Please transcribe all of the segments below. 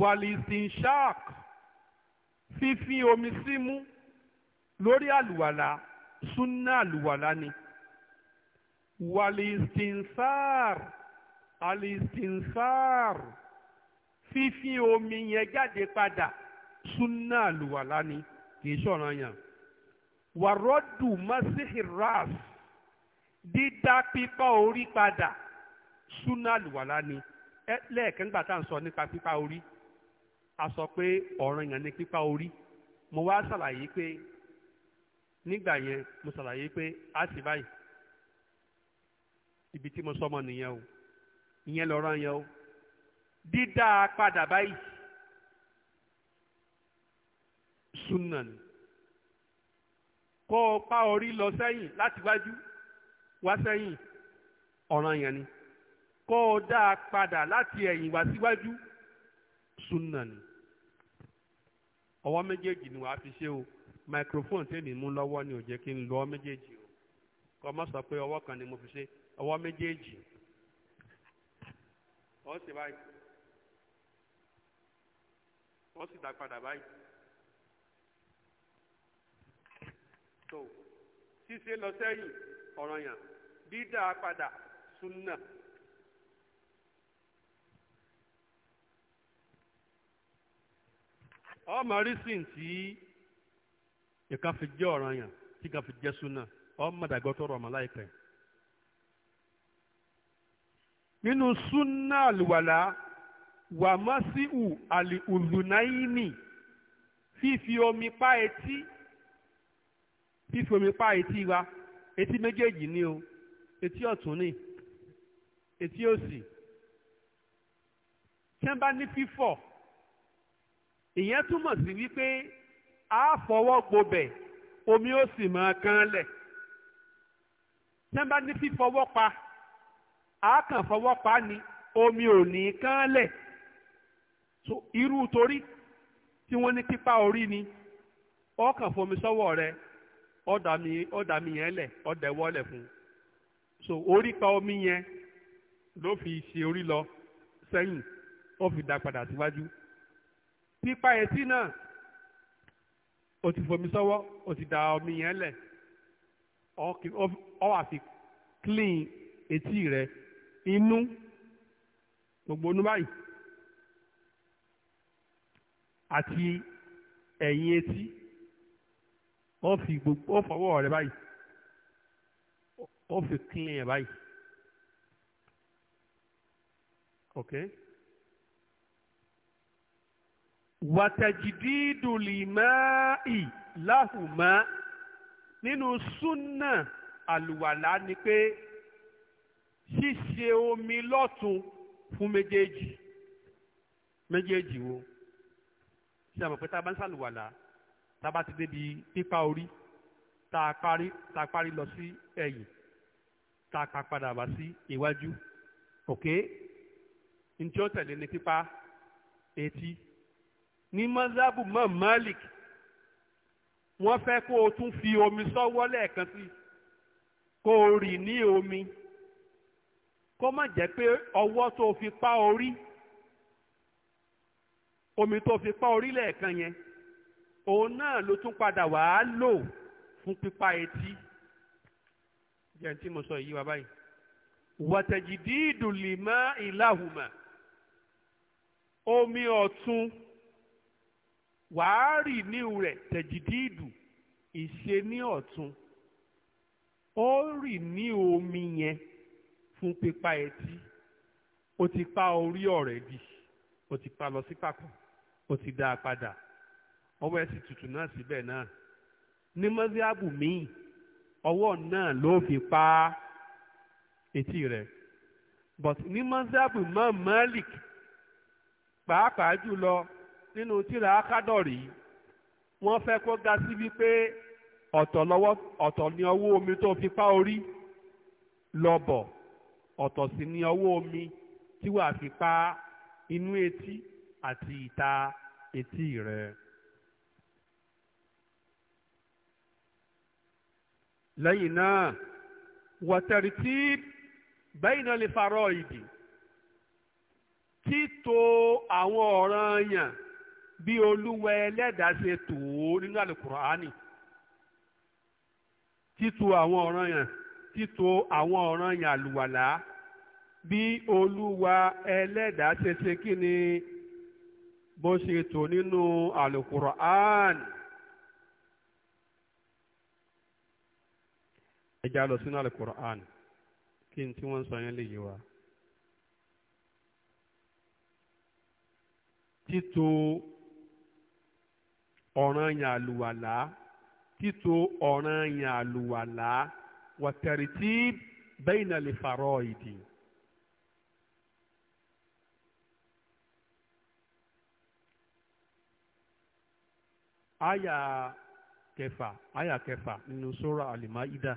wàlìsìnṣáàk fífi omi símú lórí àlùwàlà súnà àlùwàlà ni wàlìsìnṣáàr àlìsìnṣáàr fífi omi yẹn jáde padà súnà àlùwàlà ni kì í ṣọ̀ràn yàn wàrọ́dù masihiras dídá pípa orí padà súnà àlùwàlà ni lẹ́ẹ̀kẹ́ ńgbà tá à ń sọ nípa pípa orí a sọ pé ọ̀ràn yẹn ni pípa orí mo wá ṣàlàyé pé nígbà yẹn mo ṣàlàyé pé a sì báyìí ibi tí mo sọmọ nìyẹn o ìyẹn lọ́rọ̀ yẹn o dídá padà báyìí súnà ni kó o pa orí lọ sẹ́yìn láti wájú wá sẹ́yìn ọ̀ràn yẹn ni kó o dá a padà láti ẹ̀yìn wá síwájú súnà ni ọwọ́ méjèèjì ni wàá fi ṣe o microphone tèmi mú lọ́wọ́ ni ò jẹ́ kí n lọ méjèèjì o kọ́ mọ́ sọ pé ọwọ́ kan ni mo fi ṣe ọwọ́ méjèèjì ó sì báyìí ó sì dá padà báyìí so ṣíṣe lọ sẹ́yìn ọ̀ranyàn dídá padà súnà. ọmọ rísìn tí ìka fi jẹ́ ọ̀ràn yàn tí ìka fi jẹ́ súnà ọmọ dàgbọ́ tó rọ̀ ọmọ láìpẹ́. nínú súnà àlùwàlà wà mọ́síù àlùnáìní fífi omi pa etí fífi omi pa etí wa etí méjèèjì ni o etí ọ̀tún ni etí òsì tí wọ́n bá ní fífọ̀ ìyẹn túmọ̀ sí wípé a fọwọ́ gbobẹ̀ omi ó sì máa kán lẹ̀ tí ní fífọwọ́ pa a kàn fọwọ́ pa ni omi ò ní kán lẹ̀ so irú torí tí wọ́n ní pípa orí ni ọkàn fomi sọ́wọ́ rẹ ọ̀dà mi yẹn lẹ̀ ọ̀dà ẹ̀wọ́ lẹ̀ fún un so orí pa omi yẹn ló fi ṣe orí lọ sẹ́yìn ó fi dá padà síwájú. Si pípa etí náà o ti fomi sọ́wọ́ o ti da omi yẹn lẹ̀ ọ wà fi clean etí rẹ inú gbogbo inú báyìí àti ẹ̀yìn etí ó fi gbogbo ó fọwọ́ rẹ báyìí ó fi clean ẹ̀ báyìí okay wàtàjìdídù lìmáì láhùmá nínú súnà àlùwàlá ni pé ṣíṣe omi lọ́tun fún méjèèjì méjèèjì wo ṣe àmọ̀ pé tá a bá ń ṣàlùwàlá tá a bá ti débi pípa orí tá a parí tá a parí lọ sí ẹ̀yìn tá a padà wá sí iwájú òkè ntí tẹ̀lé ní pípa etí ní mọ́sáàbù mọ́ Malik wọ́n fẹ́ kó o tún fi omi sọ́wọ́ lẹ́ẹ̀kan sí kó o rì ní omi kó má jẹ́ pé ọwọ́ tó fi pa orí omi tó fi pa orí lẹ́ẹ̀kan yẹn òun náà ló tún padà wàá lò fún pípa etí jẹ́ ní tí mo sọ yìí wá báyìí wàtẹ̀jìdì ìdùnlé mọ́ ìlàhùmà omi ọ̀tún wàá rì ní rẹ̀ tẹ̀jìdìdù ìṣe ní ọ̀tún ó rì ní omi yẹn fún pípa etí ó ti pa orí ọ̀rẹ́ dì ó ti pa lọ sí pàkó ó ti dá a padà ọwọ́ ẹ̀ sì tutù náà síbẹ̀ náà ní mọ́síábù míì ọwọ́ náà ló fi pa etí rẹ̀ but ní mọ́síábù mọ́ Malik pàápàá jùlọ nínú tíra akádọ̀rí wọ́n fẹ́ kó ga sí wípé ọ̀tọ̀ lọ́wọ́ ọ̀tọ̀ ni ọwọ́ omi tó fi pa orí lọ́bọ̀ ọ̀tọ̀ sì ni ọwọ́ omi tí wàá fi pa inú etí àti ìta etí rẹ̀. lẹ́yìn náà wọ̀tẹ̀rì tí bẹ́yìn náà lè farọ́ ìdì títò àwọn ọ̀ràn yàn bí olúwa ẹlẹ́dàá ṣe tò ó nínú àlùkùránì títò àwọn ọ̀ràn yàn títò àwọn ọ̀ràn yàn àlùwàlá bí olúwa ẹlẹ́dàá ṣe ṣe kí ni bó ṣe tò nínú àlùkùránì. ẹ já lọ sínú àlùkùránì kí n tí wọ́n ń sọ yẹn lè yé wa. títò ọ̀ranyàn àlùwàlá títò ọ̀ranyàn àlùwàlá wọ̀tẹ̀rìtì bẹ́ẹ̀nà lè fàrọ̀ ìdì. àyà kẹfà àyà kẹfà nínú sura Al-Maida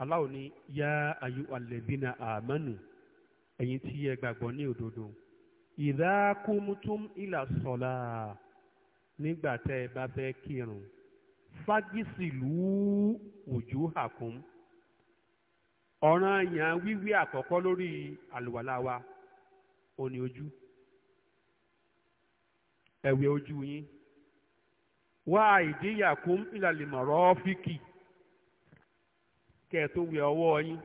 Allah ní yá ayú alẹ́bínà àmánù ẹ̀yin tí ẹ gbàgbọ́ ní òdodo ìdá kúmútúm ìlà sọ̀lá nígbà tẹ́ ẹ bá fẹ́ kírun fagisi lù ú òjú àkún ọ̀ràn àyàn wíwí àkọ́kọ́ lórí àlùwàlá wa òní ojú ẹ̀wẹ̀ ojú yín wá ìdíyàkún ìlàlìmọ̀rọ́ fíkì kẹ́ ẹ tó wẹ ọwọ́ yín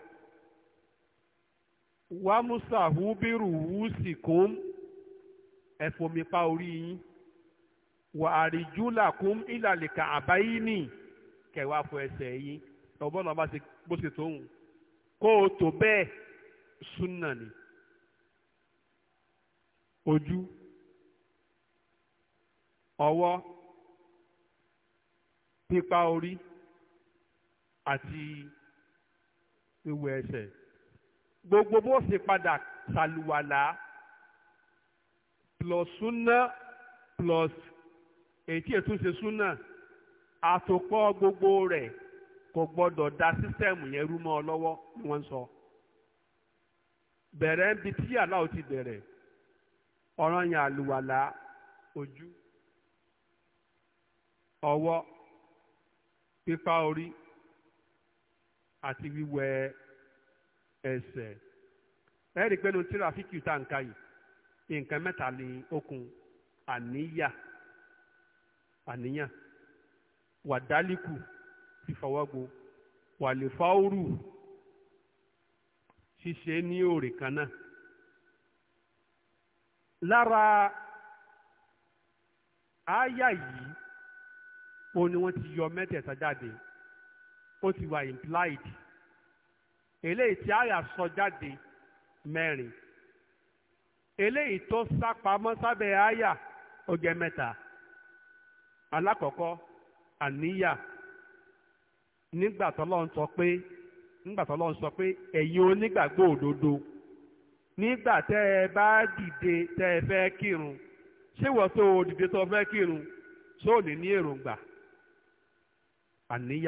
wá musa hùbírù wùsì kún ẹ̀fọ́mi pa orí yín wà àríjúlàkùn ìlàlìkà àbáyínì kẹwàá fọ ẹsẹ̀ yín ọ̀bọ̀n náà bá ti bó ṣe tó ń kó o tó bẹ́ẹ̀ súnà ni ojú ọwọ́ pípa orí àti wíwẹ̀ ẹsẹ̀ gbogbo bó ṣe padà ṣàlùwàlà plus súnà plus èyí tí ètò ṣe súnà àtòpọ̀ gbogbo rẹ̀ kò gbọ́dọ̀ da sísẹ́ẹ̀mù yẹn rú mọ́ ọ lọ́wọ́ ni wọ́n ń sọ. bẹ̀rẹ̀ ń bi tí aláwo ti bẹ̀rẹ̀ ọ̀ràn yẹn àlùwàlà ojú ọwọ́ pípa orí àti wíwẹ̀ ẹsẹ̀ ẹ̀rí pẹ́nu tíráfíkì tá à ń ka yìí nǹkan mẹ́ta ni okùn àníyà àníyàn wàdálíkù fífọwọ́gbo wàlífáórù ṣíṣe ní òrè kan náà lára àáyá yìí ó ní wọ́n ti yọ mẹ́tẹ̀ẹ̀ta jáde ó ti wà implied eléyìí tí àyà sọ jáde mẹ́rin eléyìí tó sápamọ́ sábẹ́ àyà ó jẹ́ mẹ́ta. alákọ̀ọ́kọ́ àníyà nígbà tọ́lọ́run sọ pé ẹ̀yin onígbàgbọ́ òdodo nígbà tẹ́ ẹ bá dìde tẹ́ ẹ fẹ́ kírun ṣé wọ́n tó fẹ́ kírun tó ní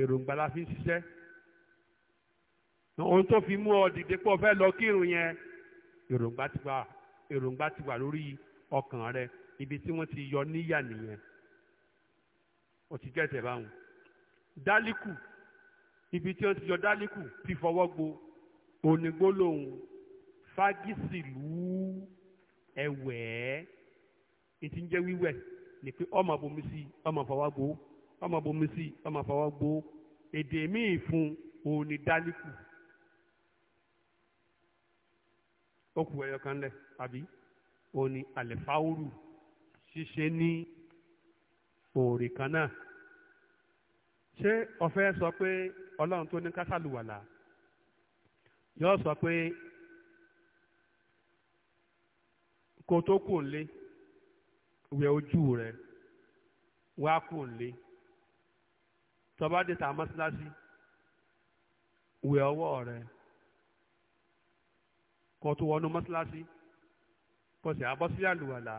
èròǹgbà la fi ń ṣiṣẹ́ ohun tó fi mú ọ dìde pọ̀ fẹ́ lọ kírun yẹn èròǹgbà ti wà lórí ọkàn rẹ ibi tí wọ́n ti yọ níyà nìyẹn ó ti gẹ̀ẹ́sẹ̀ báwọn dálíkù ibi tí wọ́n ti yọ dálíkù fífọwọ́ gbo onígbólóhùn fagísìlú ẹ̀wẹ́ ètí ń jẹ́ wíwẹ̀ ni pé ọmọ bomi sí ọmọ fọwọ́ gbo ọmọ bomi sí ọmọ fọwọ́ gbo èdè míì fún òní dálíkù ó kù ẹyọ kan lẹ̀ àbí òní àlẹ́fáwúrù ṣíṣe ní òòrè kan náà ṣé o fẹ́ sọ pé ọlọ́run tó ní kásálùwàlà yóò sọ pé kó tó kù ńlé wẹ ojú rẹ wá kù ńlé tó dé ta mọ́sálásí wẹ ọwọ́ rẹ kó tó wọnú mọ́sálásí kó sì abọ́ sí àlùwàlà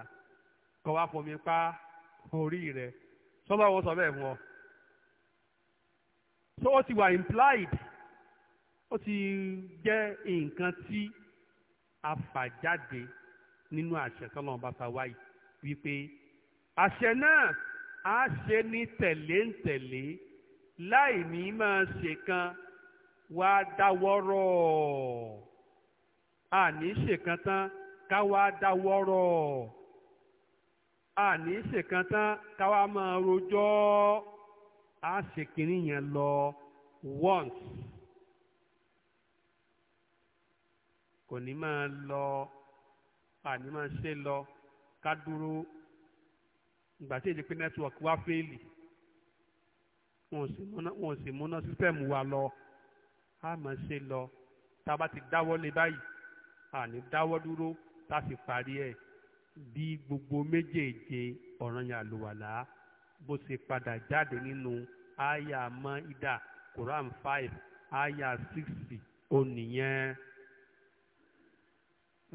kọ́ wá fomi pa orí rẹ̀ sọ́lọ́ wọn sọ bẹ́ẹ̀ fún ọ. so ó ti wà implied ó ti jẹ́ nǹkan tí a fà jáde nínú àṣẹ tọ́lọ́run bá ta wáyé wípé àṣẹ náà á ṣe ní tẹ̀léǹtẹ̀lé láì ní máa ṣe kan wá dáwọ́rọ̀ àní ṣèkan tán ká wá dáwọ́rọ̀ àní ṣèkan tán káwa máa rojọ́ á ṣèkínní yẹn lọ once kò ní máa lọ àní máa ṣe lọ ká dúró ìgbà tí èdè pé nẹ́tíwọ̀kì wá fẹ́ẹ̀lì wọn ò sì múná sísẹ́mù wa lọ á máa ṣe lọ tá a bá ti dáwọ́ lé báyìí àní dáwọ́ dúró tá a sì parí ẹ̀ bí gbogbo méjèèje ọ̀ranyàn àlùwàlá bó ṣe padà jáde nínú àyà mọ́ídà Quran five àyà sixty ó nìyẹn.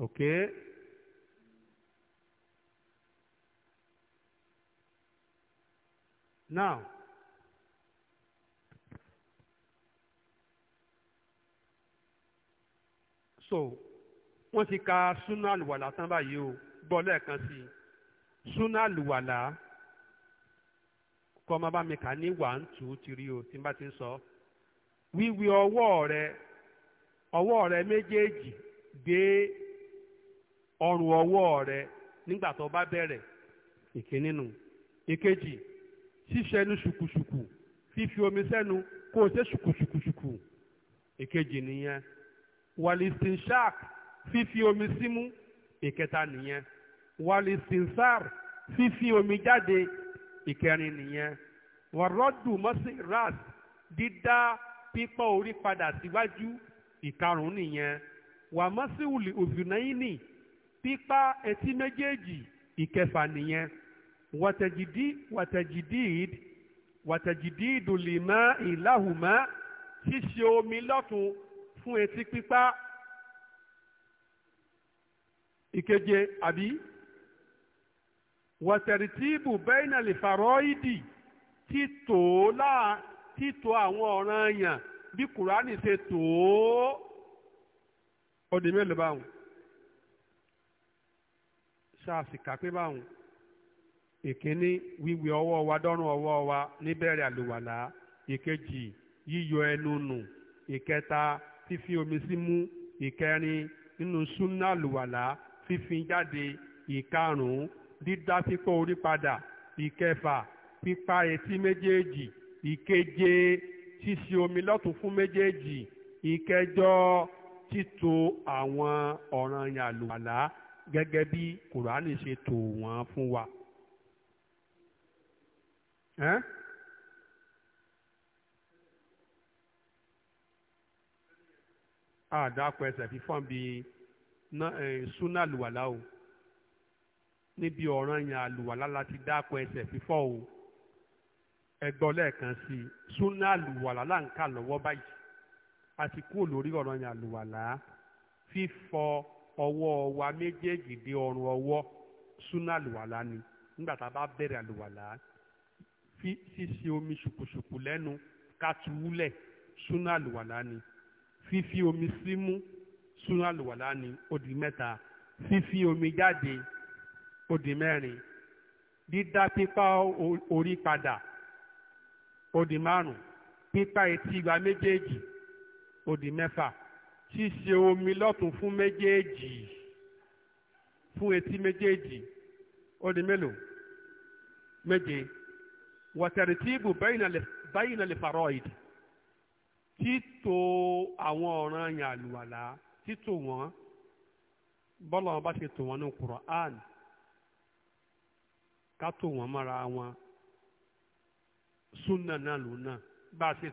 Okay? Now, so wọ́n ti ka sunan àlùwàlá tán báyìí o. gbọ́ lẹ́ẹ̀kan sí i súnà àlùwàlà kọ́ ọmọ bá mi kà ní one two three o oh, tí n bá ti ń sọ wíwí ọwọ́ rẹ ọwọ́ rẹ méjèèjì dé ọrùn ọwọ́ rẹ nígbà tó bá bẹ̀rẹ̀ ìkíní nù ìkejì ṣíṣẹnu ṣùkùṣùkù fífi omi sẹ́nu kó o ṣe ṣùkùṣùkùṣùkù ìkejì nìyẹn wàlìsìn shark fífi omi símú ìkẹta nìyẹn wàlì sinsar fífi omi jáde ìkẹrin nìyẹn wàrọ́dù mọ́sí ras dídá pípọ́ orí padà síwájú ìkarùn nìyẹn wà mọ́sí wùlì òzùnáyìnì pípa etí méjèèjì ìkẹfà nìyẹn wàtẹ̀jìdí wàtẹ̀jìdí wàtẹ̀jìdí ìdùnlé mọ́ ìlàhùmọ́ ṣíṣe omi lọ́tún fún etí pípa ìkeje àbí wọ̀tẹ̀rìtìbù bẹ́ẹ̀nàlì fàrọ́ìdì títò láà títò àwọn ọ̀ràn èèyàn bí kùránì ṣe tò ó ọdẹ mélòó báwọn ṣáàṣìkà pé báwọn ìkíní wíwẹ ọwọ́ wa dọ́rùn ọwọ́ wa níbẹ̀rẹ̀ àlùwàlá ìkejì yíyọ ẹnu nù ìkẹta fífi omi sí mú ìkẹrin nínú súnà àlùwàlá fífin jáde ìkarùn-ún dídá fífọ́ orí padà ìkẹfà pípa etí méjèèjì ìkeje ṣíṣe omi lọ́tún fún méjèèjì ìkẹjọ títò àwọn ọ̀ranyàn àlùwàlá gẹ́gẹ́ bí kùránì ṣe tò wọ́n fún wa. Eh? àdàpọ̀ ẹsẹ̀ fífọ́n bíi Suna àlùwàlá o níbi ọ̀ràn yẹn àlùwàlá láti dáko ẹsẹ̀ fífọ̀ o ẹgbọ́ lẹ́ẹ̀kan sí i súnà àlùwàlá là ń kà lọ́wọ́ báyìí a ti kúrò lórí ọ̀ràn yẹn àlùwàlá fífọ ọwọ́ wa méjèèjì dé ọrùn ọwọ́ súnà àlùwàlá ni nígbà tá a bá bẹ̀rẹ̀ àlùwàlá ṣíṣe omi ṣùkùṣùkù lẹ́nu ká tu wúlẹ̀ súnà àlùwàlá ni fífi omi símú. Si súnú àlùwàlá ni ó di mẹ́ta fífi omi jáde ó di mẹ́rin dídá pípa orí padà ó di márùn pípa etí igba méjèèjì ó di mẹ́fà ṣíṣe omi lọ́tún fún méjèèjì fún etí méjèèjì ó mélòó méje wọ̀tẹ̀rìtìbù báyìí náà lè fàrọ̀ ìdí títò àwọn ọ̀ràn yàn àlùwàlá títò wọ́n bọ́lá wọn bá ṣe tò wọ́n ní Qur'an ká tò wọ́n mọ́ra wọn súnà náà ló náà bá a ṣe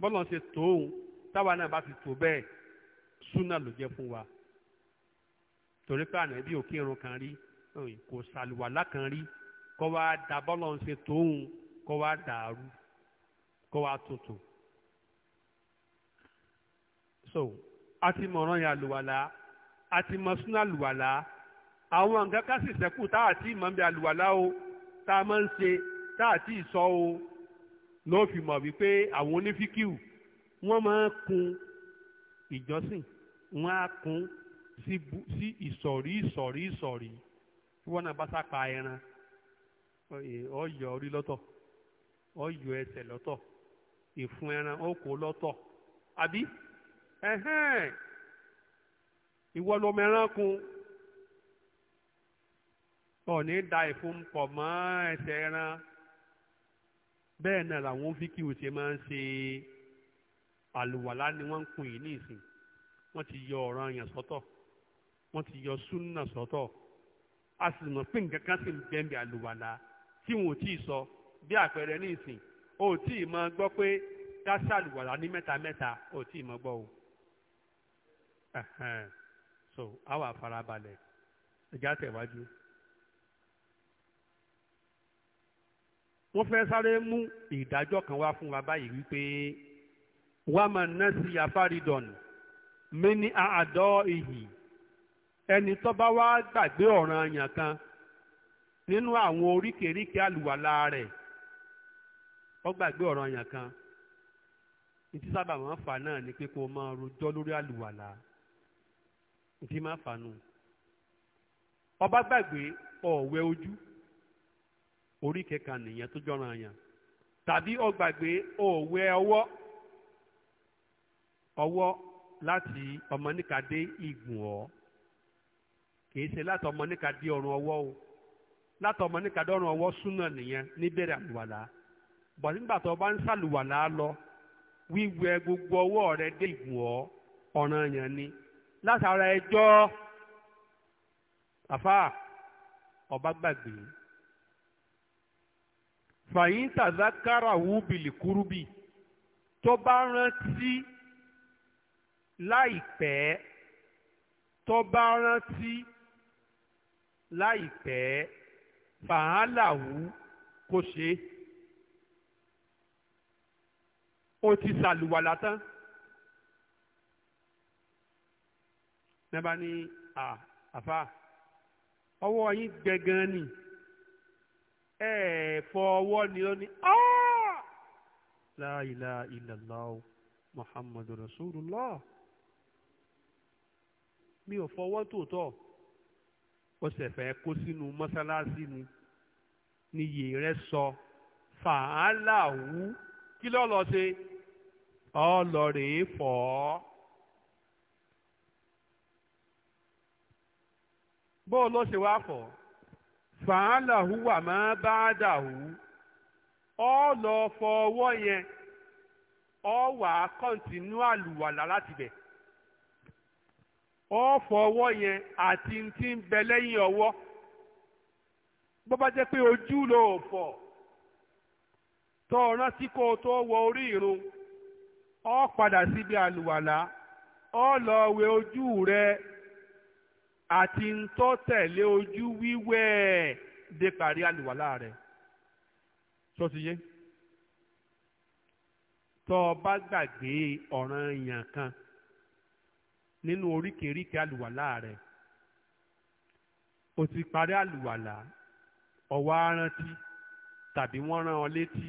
bọ́lá ṣe tó òun táwa náà bá ti tò bẹ́ẹ̀ súnà ló jẹ́ fún wa torí pé àná bí òkè irun kan rí kò sàlùwàlá kan rí kọ́ wa da bọ́lá ṣe tó òun kọ́ wa dàrú kọ́ wa tuntun àti mọ̀ràn yà lùwàlà àti mọ̀súnà lùwàlà àwọn nǹkan ká sì sẹ́kù tá àti ìmọ̀ bí àlùwàlà o tá a máa ń ṣe tá àti ìsọ o ló fi mọ̀ wípé àwọn onífíkìú wọ́n máa ń kun ìjọsìn wọ́n á kun sí ìsọ̀rí ìsọ̀rí ìsọ̀rí tí wọ́n náà bá sápa ẹran ọyọ orí lọ́tọ̀ ọyọ ẹsẹ̀ lọ́tọ̀ ìfun ẹran ó kó lọ́tọ̀ àbí ẹ̀hẹ́n ìwọ ló mẹ́ránkun ọ̀ní da ìfúnpọ̀ mọ́ ẹsẹ̀ ẹran bẹ́ẹ̀ náà làwọn fíkìú ṣe máa ń ṣe àlùwàlá ni wọ́n ń kun yìí ní ìsìn ti yọ ọ̀ràn yẹn sọ́tọ̀ wọ́n ti yọ súnà sọ́tọ̀ a sì mọ̀ pé nǹkan kan sì tí sọ bí àpẹẹrẹ ní ìsìn o ò tí ì mọ gbọ́ pé dáṣà àlùwàlá o. so a wà farabalẹ̀ ẹ̀já tẹ̀wájú. wọ́n fẹ́ sáré mú ìdájọ́ kan wá fún wa báyìí wípé wá máa ná sí afáridọ̀n mi ní àádọ́ ìhì ẹni tó bá wá gbàgbé ọ̀ràn àyàn kan nínú àwọn oríkèéríkèé àlùwàlá rẹ̀ ó gbàgbé ọ̀ràn àyàn kan ní tí sábà máa ń fà náà ni pé kó máa rojọ́ lórí àlùwàlá. ntí máa fanu ọba gbàgbé ọ̀wẹ́ ojú orí kẹka nìyẹn tó jọra yàn tàbí ọgbàgbé ọ̀wẹ́ ọwọ́ ọwọ́ láti ọmọnìkàdé ìgùn ọ́ kìí ṣe láti ọmọnìkàdé ọrùn ọwọ́ o láti ọmọnìkàdé ọrùn ọwọ́ súnà nìyẹn níbẹ̀rẹ̀ àlùwàlà bọ̀ nígbà tó bá ń sàlùwàlà lọ gbogbo ọwọ́ rẹ dé ìgùn látara ẹjọ́ àfa ọba gbàgbé fàyín tàzákàrà wú bìlìkúrúbì tó bá rántí láìpẹ́ tó bá rántí láìpẹ́ fàhálà wú kó ṣe ó ti sàlùwàlà tán. ní bá ní àfa ọwọ́ yín gẹ̀gàn ni ẹ fọ ọwọ́ ni ó ní la ilaha illallah muhammadu rasulullah mi ò fọwọ́ tòótọ́ ó ṣẹ̀fẹ̀ kó sínú mọ́sálásí ni níyì rẹ sọ fàálà wú kí lọ́ọ́ lọ ṣe ọ lọ rèé fọ́ ọ. bó ló ṣe wá fọ̀ fàálà hùwà máa bá dà hù ọ lọ fọ ọwọ́ yẹn ọ wà á kọ́ntínú àlùwàlà láti bẹ̀ ọ fọ ọwọ́ yẹn àti ti ń bẹ lẹ́yìn ọwọ́ bó bá jẹ́ pé ojú ló fọ̀ tó rántí kó o tó wọ orí irun ọ padà síbi àlùwàlà ọ lọ wẹ ojú rẹ àti ntọ́ tẹ̀lé ojú wíwẹ̀ ẹ̀ dé parí àlùwàlá rẹ̀ tó ti yé tọ́ ọ bá gbàgbé ọ̀ràn èèyàn kan nínú oríkèéríkèé àlùwàlá rẹ̀ o ti parí àlùwàlá ọwọ́ arántí tàbí wọ́n rán ọ létí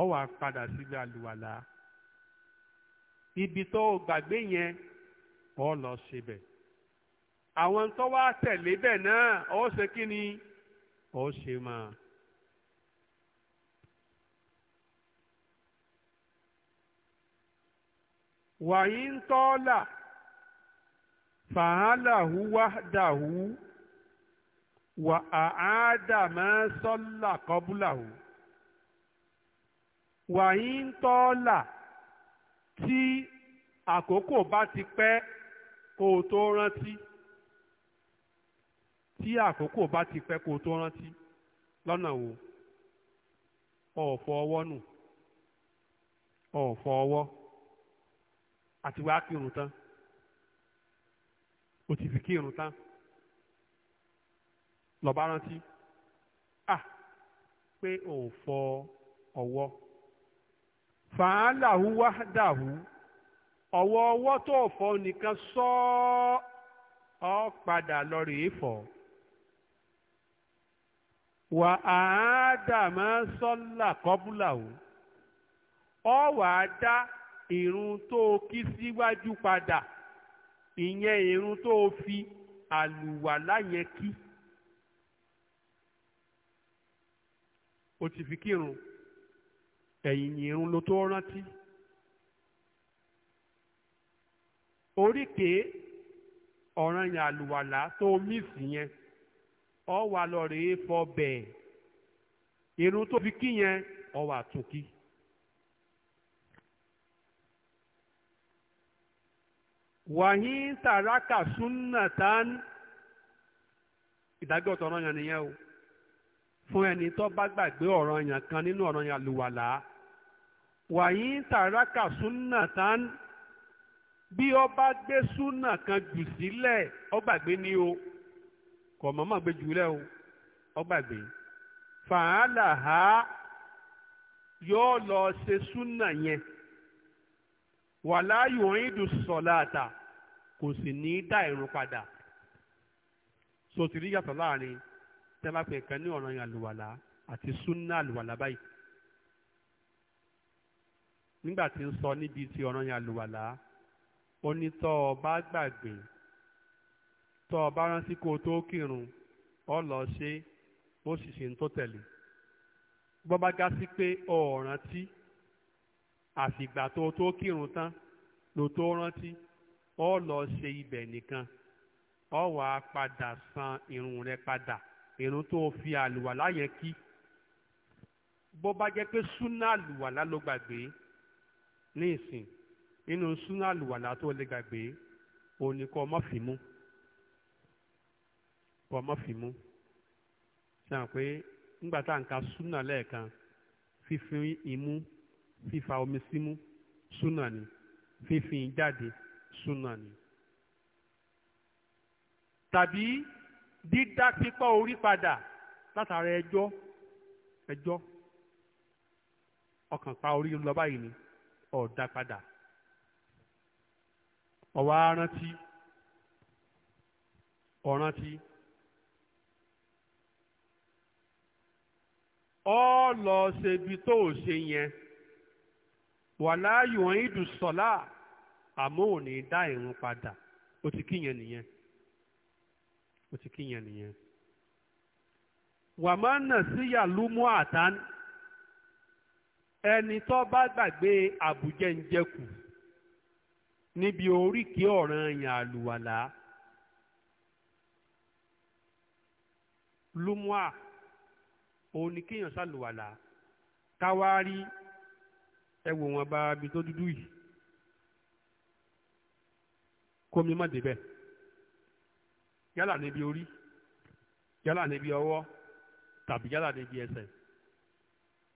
ọ wà padà àlùwàlá ibi tó o gbàgbé yẹn ọ lọ ṣebẹ̀. àwọn tó wá tẹ̀lé bẹ́ẹ̀ náà ó ṣe kí ni ó ṣe máa. wàyí ń tọ́lá fàhálàhú wáhdàhú wà àádàmọ́ sọ́là kọ́búlàhú wàyí ń tọ́lá tí àkókò bá ti pẹ́ kó o tó rántí. tí àkókò bá ti pẹ́ kó tó rántí lọ́nà wo ọ̀fọ̀ ọwọ́ nù ọ̀fọ̀ ọwọ́ àti wá kírun tán o ti fi kírun tán lọ́ba rántí à pé ọ̀fọ̀ ọwọ́ fàálàhù wáhdàhù ọ̀wọ́ ọwọ́ tó ọ̀fọ̀ nìkan sọ ọ́ padà lọ rèé fọ̀ọ́. wà á dà máa sọ́là kọ́búlà o ọ wà á dá irun tó o kí síwájú padà ìyẹn irun tó o fi àlùwàlá yẹn kí o ti fi kírun ẹ̀yìn irun ló tó rántí oríkèé ọ̀ranyàn àlùwàlá tó o mí sí yẹn ọ wà lọ rèé fọbẹ̀ irun tó fi kí yẹn ọ wà tún kí. wàhín tàràkà súnà tán ìdájọ́ ọ̀tọ̀ ọ̀ranyàn nìyẹn o fún ẹni tó bá gbàgbé ọ̀ranyàn kan nínú ọ̀ranyàn àlùwàlà wàyín tàràkà súnà tán bí ó bá gbé súnà kan jù sílẹ̀ ó gbàgbé ni o. kò mọ̀mọ́ gbé jùlẹ̀ o ọgbàgbé fàálà ha yóò lọ ṣe súnà yẹn wàlá yòóyìn dùn sọ̀lá àtà kò sì ní í dá ìrun padà sotiri yàtọ̀ láàrin tẹ́lápẹ̀ kan ní ọ̀ràn yẹn àlùwàlà àti súnà àlùwàlà báyìí nígbà tí ń sọ níbi tí ọ̀ràn yẹn àlùwàlà onítọ̀ ọba gbàgbé tọ́ ọ bá rántí kó o tó kírun ọ lọ ṣe bó sì ṣe ń tó tẹ̀lé bọ́ bá sí pé ọ ò rántí àfìgbà tó o tó kírun tán ló tó rántí ọ lọ ṣe ibẹ̀ nìkan ọ wà á padà san irun rẹ padà irun tó fi àlùwàlá yẹn kí bó bá jẹ́ pé súnà àlùwàlá ló gbàgbé ní ìsìn nínú súnà àlùwàlá tó lè gbàgbé òun ni kò mọ́ fìmú kọ́ ọ mọ́fì mú sàn pé ńgbà tá à ń ka súnà lẹ́ẹ̀kan fífi imú fífa omi símú súnà ni fífi jáde súnà ni tàbí dídá pípọ́ orí padà látara ẹjọ́ ẹjọ́ ọkàn pa orí lọ báyìí ni ọ̀dà padà ọ̀wá rántí ọ̀rántí. ọ lọ sebi tó ṣe yẹn wàlá yòó ìdù sọlá àmọ́ ò ní dá ìrun padà o ti kíyàn nìyẹn ó ti kíyàn nìyẹn. yà síyà lúmú àtàn ẹni tó bá gbàgbé àbújẹ́njẹ́kù níbi oríkì ọ̀ràn yàn àlùwàlà lúmú àtàn. òun ni kéèyàn ṣàlùwàlà káwá rí ẹ wò wọn bá ibi tó dúdú yìí kómi má débẹ̀ yálà níbi orí yálà níbi ọwọ́ tàbí yálà níbi ẹsẹ̀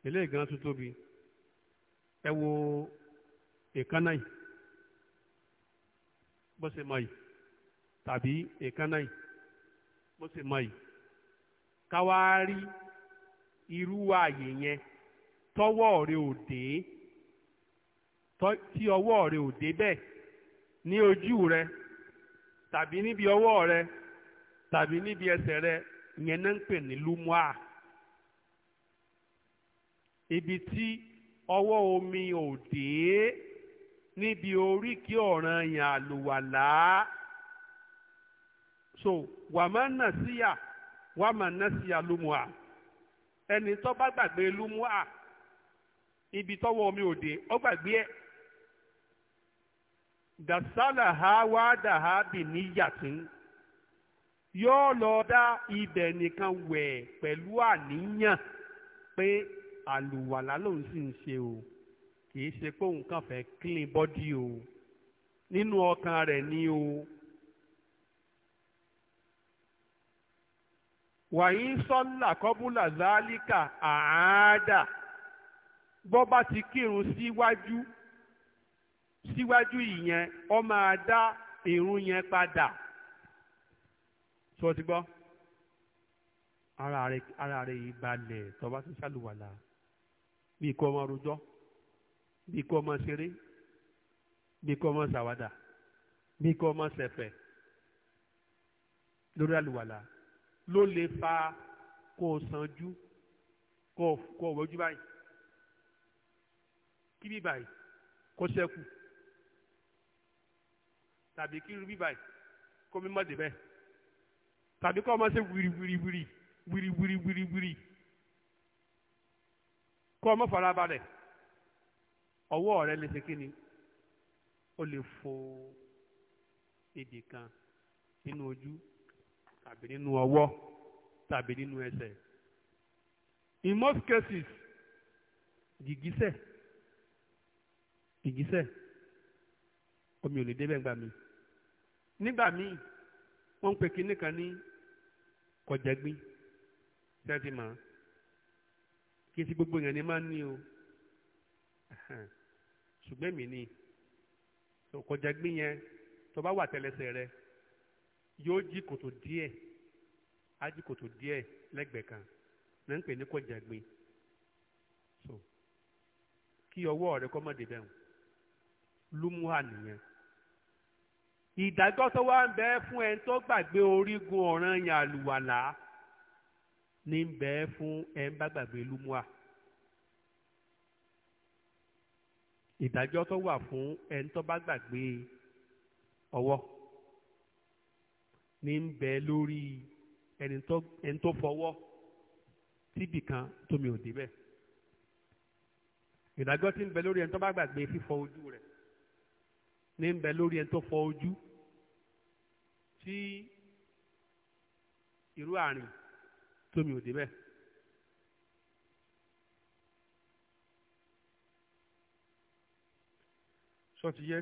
eléyìí gan tó tóbi ẹ wo èékánná yìí bó ṣe mọ yìí tàbí èékánná yìí bó ṣe mọ yìí káwá irú ààyè yẹn tọwọ́ rẹ ò dé tí ọwọ́ rẹ ò dé bẹ́ẹ̀ ní ojú rẹ tàbí níbi ọwọ́ rẹ tàbí níbi ẹsẹ̀ rẹ yẹn náà ń pè ní lumua ibi tí ọwọ́ omi ò dé níbi oríkì ọ̀ràn yẹn àlùwàlá so wàmánà síyà wàmánà síyà lumua. ẹni tó bá gbàgbé lumua ibi tọ́wọ́ omi òde ó gbàgbé ẹ̀ dàsálà ha wá dà ha bì níyàtún yóò lọ dá ibẹ̀ nìkan wẹ̀ pẹ̀lú àníyàn pé àlùwàlá lòun sì ń ṣe o kì í ṣe pé òun kàn fẹ́ clean body o nínú ọkàn rẹ̀ ni o. wàyí sọ́là kọ́búlà zálíkà àádà bọ́ bá ti kírun síwájú síwájú ìyẹn ọ máa dá irun yẹn padà tó ti gbọ́ ara rẹ̀ ara rẹ̀ yìí balẹ̀ tó bá ti ṣàlùwàlà bí kò ọmọ rojọ́ bí kò ọmọ ṣeré bí kò ọmọ ṣàwádà bí kò ọmọ ṣẹ̀fẹ̀ lórí àlùwàlà ló lè fa kó o sanjú kó o wọ́jú báyìí kí bí báyìí kó sẹ́kù tàbí kí irú bí báyìí kó mi mọ̀ débẹ̀ tàbí kó o máa ṣe wìrìwìrìwìrì wìrìwìrìwìrì kó o máa fara balẹ̀ ọwọ́ rẹ lè ṣe kí ni o lè fo èdè kan nínú ojú tàbí nínú ọwọ́ tàbí nínú ẹsẹ̀ in most cases gìgísẹ̀ gìgísẹ̀ omi ò lè débẹ̀ gbà mí nígbà míì wọ́n ń pe kinní kan ní kọjẹ́gbín sẹ́ẹ̀tì mọ́ kí sí gbogbo yẹn ni máa ń ní o ṣùgbọ́n èmi ni kọjẹ́gbín yẹn tó bá wà tẹ́lẹsẹ̀ rẹ yóò jí kòtò díẹ̀ á jí kòtò díẹ̀ lẹ́gbẹ̀ẹ́ kan náà ń pè ní kọjàgbin so kí ọwọ́ rẹ kọ́ mọ́dé bẹ́ẹ̀ lúmúhà nìyẹn ìdájọ́ tó wá fún ẹn tó gbàgbé orígun ọ̀ràn yàn àlùwàlà ní ń bẹ fún ẹni bá gbàgbé ìdájọ́ tó wà fún tó bá gbàgbé ní ń bẹ lórí ẹni tó ẹni tó fọwọ́ síbì kan tómi ò débẹ̀ ìdájọ́ tí ń bẹ lórí ẹni tó bá gbàgbé fífọ ojú rẹ̀ ní ń bẹ lórí ẹni tó fọ ojú tí irú àrìn tómi ò débẹ̀. sọ́tìyẹ́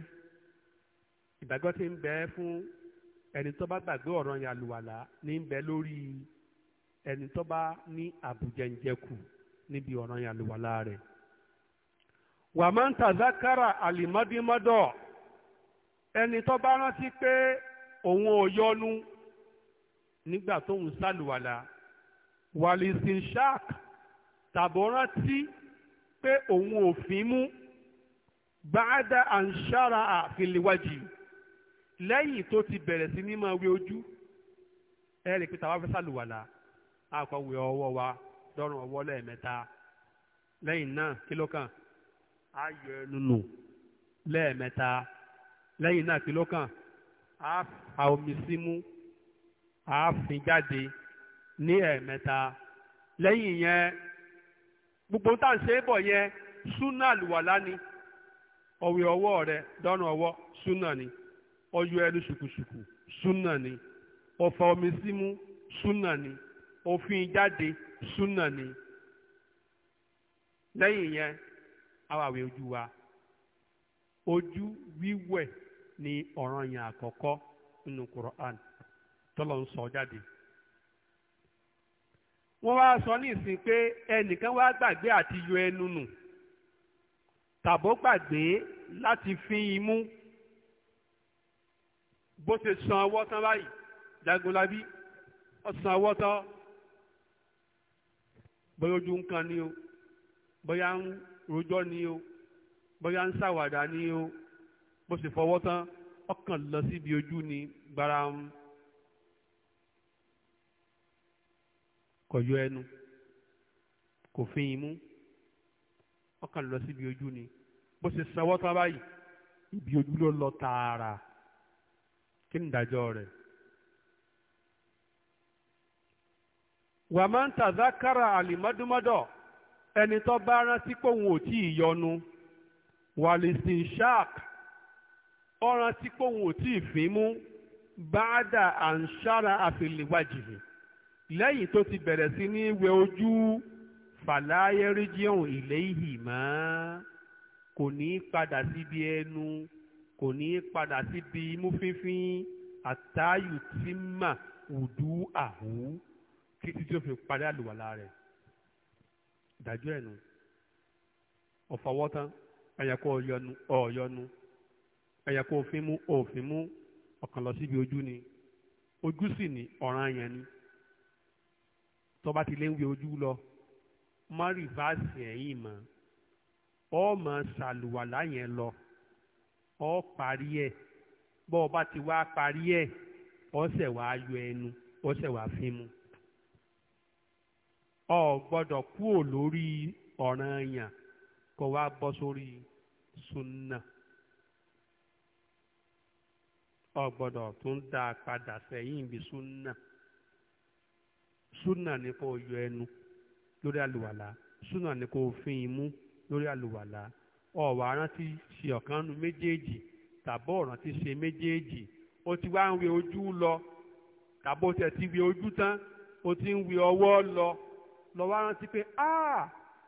ìdájọ́ tí ń bẹ fún ẹni tó bá gbàgbé ọ̀ràn yà lùwàlà ní bẹ lórí ẹni tó bá ní àbùjẹ̀ǹjẹ̀kù níbi ọ̀ràn yà lùwàlà rẹ̀. wà máa ń tàzákàrà àlìmọ́dínmọ́dọ̀ ẹni tó bá rántí pé òun ò yọnu nígbà tóun sálùwàlà wàlìsìn shark tàbọ̀ pé òun ò fín mú bàdà àǹṣára àfìlíwájì lẹ́yìn tó ti bẹ̀rẹ̀ sí ní máa wẹ ojú ẹ rí i pé tàwa fẹ́ sàlùwàlà àkọ́ wẹ ọwọ́ wa dọ́rùn ọwọ́ lẹ́ẹ̀mẹ́ta lẹ́yìn náà kìlọ̀ kan á yọ ẹnu nù lẹ́ẹ̀mẹ́ta lẹ́yìn náà kìlọ̀ kan á fa omi símú á jáde ní ẹ̀ẹ̀mẹ́ta lẹ́yìn yẹn gbogbo tá à ń ṣe é bọ̀ yẹn súnà àlùwàlá ni ọ̀wẹ̀ ọwọ́ rẹ dọ́rùn ọwọ́ súnà ni. ọyọ ẹnu ṣùkùṣùkù súnà ni ọfà omi símú súnà ni òfin jáde súnà ni lẹ́yìn yẹn ojú wa ojú wíwẹ̀ ni ọ̀ràn yẹn àkọ́kọ́ nínú Quran tọ́lọ̀ ń sọ jáde wọ́n wá sọ ní pé ẹnìkan wá gbàgbé àti fi imú bó ṣe san ọwọ́ tán báyìí Jagunlabi ọ̀sán ọwọ́ tán bóyá ojú ń kan ni o bóyá ń rojọ́ ni o bóyá ń ṣàwàdà ni o bó ṣe fọwọ́ tán ọkàn lọ síbi ojú ni gbaram kò yọ ẹnu kò fi imú ọkàn lọ síbi ojú ni bó ṣe sanwó tán báyìí ibi ojú ló lọ tààrà kí ni ìdájọ́ rẹ̀. wà máa ń tàzákàrà àlìmọ́dúnmọ́dọ̀ ẹni tó bá rántí pòun ò tí ì yọnu wàlìsìn shark ó rántí pòun ò tí ì fín mú báádà àǹsára àfìlíwájìlì lẹ́yìn tó ti bẹ̀rẹ̀ sí ní wẹ ojú fàlàyé rígíọ̀n ìléyìí mọ́ kò ní í padà síbi ẹnu kò ní padà síbi múfínfín àtàyù tí mà ùdú àhú títí tí ó fi parí àlùwàlá rẹ̀ ìdájọ́ ẹ̀ nu ọ̀fọwọ́tán ẹ̀yẹ̀kọ́ ọ̀yọnu ọ̀ọ̀yọnu ẹ̀yẹ̀kọ́ òfin mú òfin mú ọ̀kan lọ síbi ojú ni ojú sì ní ọ̀ràn yẹn ni tọ́ba ti lé ń wí ojú lọ má ẹ̀yìn mọ́ ọ́ mọ̀ ṣàlùwàlá yẹn lọ. ọ parí ẹ bọ́ ọ ti wá parí ẹ ọ̀sẹ̀ wá yọ ẹnu Ọ wá fi mu. ọ gbọ́dọ̀ kúò lórí ọ̀ranyàn kó wá bọ́ sórí sunna. ọ gbọ́dọ̀ tún dá a padà sẹ́yìn bí sunna. sunna ni yọ ẹnu lórí àlùwàlà sunna ni kó fin imú lórí àlùwàlà. ọ̀wà rántí ṣe ọ̀kan nu méjèèjì tàbọ̀ ọ̀rántí ṣe méjèèjì ó ti wá ń wẹ ojú lọ tàbó tẹ̀ ti wẹ ojú tán ó ti ń wẹ ọwọ́ lọ lọ́wọ́ rántí pé áà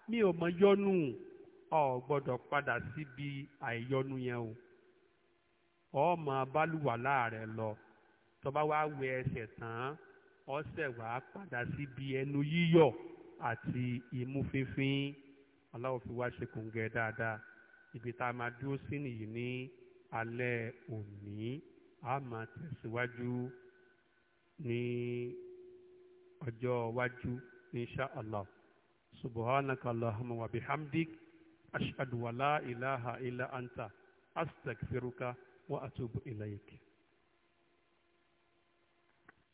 mi ò mọ yọnu ọ gbọ́dọ̀ padà síbi àìyọnu yẹn o ọmọ abálùwà láàrẹ lọ tọba wá wẹ ẹsẹ̀ tán ọsẹ wàá padà síbi ẹnu yíyọ àti imú fínfín aláwọ̀ fi wá ṣe kòǹgẹ́ dáadáa ibi tá a máa dúró sí nìyí ní alẹ́ òní a máa tẹ̀síwájú ní ọjọ́ iwájú insha allah subhanaka allahumma wa bihamdik ashhadu wa la ilaha illa anta astaghfiruka wa atubu ilayk.